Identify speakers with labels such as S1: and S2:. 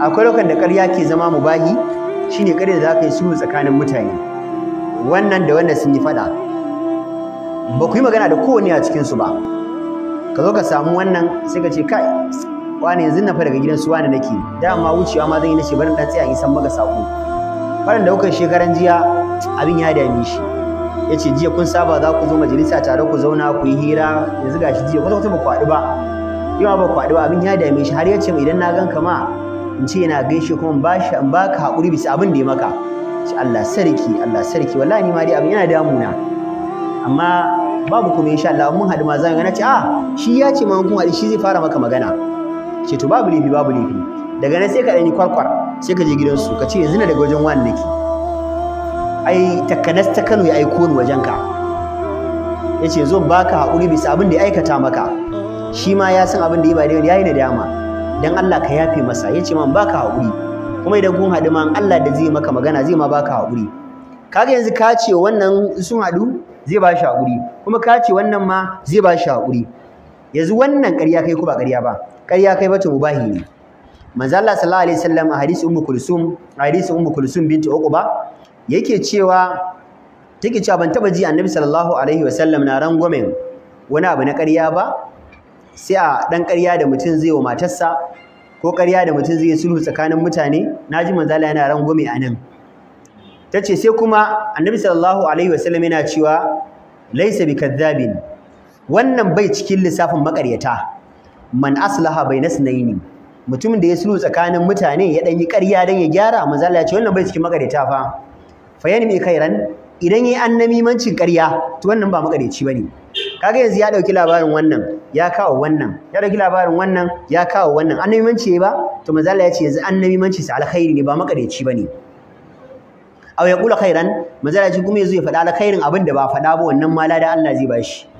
S1: akwai lokacin da ƙarya ke zama mubahi shine ƙarya da za ka yi sulhu tsakanin mutane wannan da wannan sun yi faɗa ba ku yi magana da kowane a cikinsu ba ka zo ka samu wannan sai ka ce kai wani yanzu na fa daga gidan su wani nake dama wucewa ma zan yi na barin bari tsaya in san maka sako faran da kuka shekaran jiya abin ya dame shi ya ce jiya kun saba za ku zo majalisa tare ku zauna ku yi hira yanzu gashi jiya kwata kwata ba ku haɗu ba yau ba ku ba abin ya dame shi har ya ce idan na gan ka ma in ce yana gaishe kuma ba shi in baka haƙuri bisa abin da ya maka ce Allah sarki Allah sarki wallahi ni ma dai abin yana damuna amma babu kuma insha Allah mun haɗu ma zamu ga nace ah shi ya ce ma kun haɗu shi zai fara maka magana ce to babu lifi babu lifi daga nan sai ka dani kwarkwar sai ka je gidansu ka ce yanzu na daga wajen wani nake ai takanas ta Kano ya aiko ni wajenka yace zo baka haƙuri bisa abin da ya aikata maka shi ma ya san abin da ya ba daidai yayi dama. dan Allah ka yafe masa yace man baka haƙuri kuma idan kun haɗu ma Allah da zai maka magana zai ma baka haƙuri kaga yanzu ka ce wannan sun haɗu zai ba shi haƙuri kuma ka ce wannan ma zai ba shi haƙuri yanzu wannan ƙarya kai ko ba ƙarya ba ƙarya kai bata mubahi ne manzo Allah sallallahu alaihi wasallam a hadisi ummu kulsum hadisi ummu kulsum binti uquba yake cewa take cewa ban taba ji annabi sallallahu alaihi wasallam na rangwamen wani abu na ƙarya ba sai a dan ƙarya da mutum zai wa matarsa ko ƙarya da mutum zai sulhu tsakanin mutane naji manzala yana rangwame a nan tace sai kuma annabi sallallahu alaihi wasallam yana cewa laysa bikadzabin wannan bai cikin lissafin makaryata man aslaha bainasnaini mutumin da ya sulhu tsakanin mutane ya dan yi ƙarya dan ya gyara manzala ya ce wannan bai cikin makaryata fa fayanmi khairan idan yayi annamimancin ƙarya to wannan ba makaryaci bane kaga yanzu ya dauki labarin wannan ya kawo wannan ya dauki labarin wannan ya kawo wannan annabi manci ba to manzo yace ya ce yanzu annabi manci sa alkhairi ne ba makareci bane aw ya kula khairan ran, yace ya ce kuma yanzu ya fada alkhairin abinda ba fada ba wannan ma lada Allah zai bashi